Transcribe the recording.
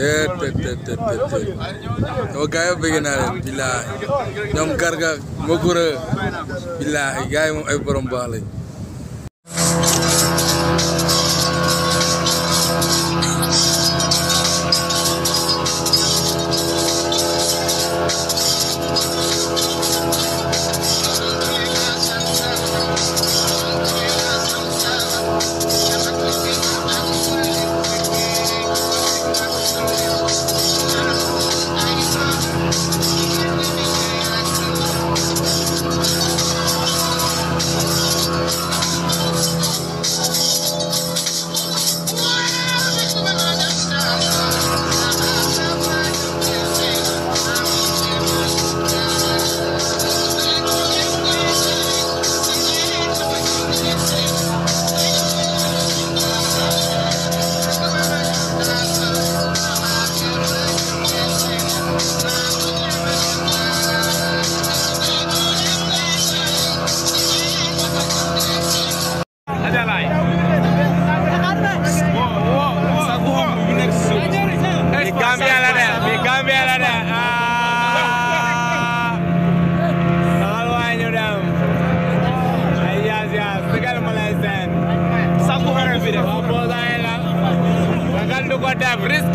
tët tët tët tët yow gars yi bëgg naa ñoom garga magura billaay gars yi moom ay borom baax I've risk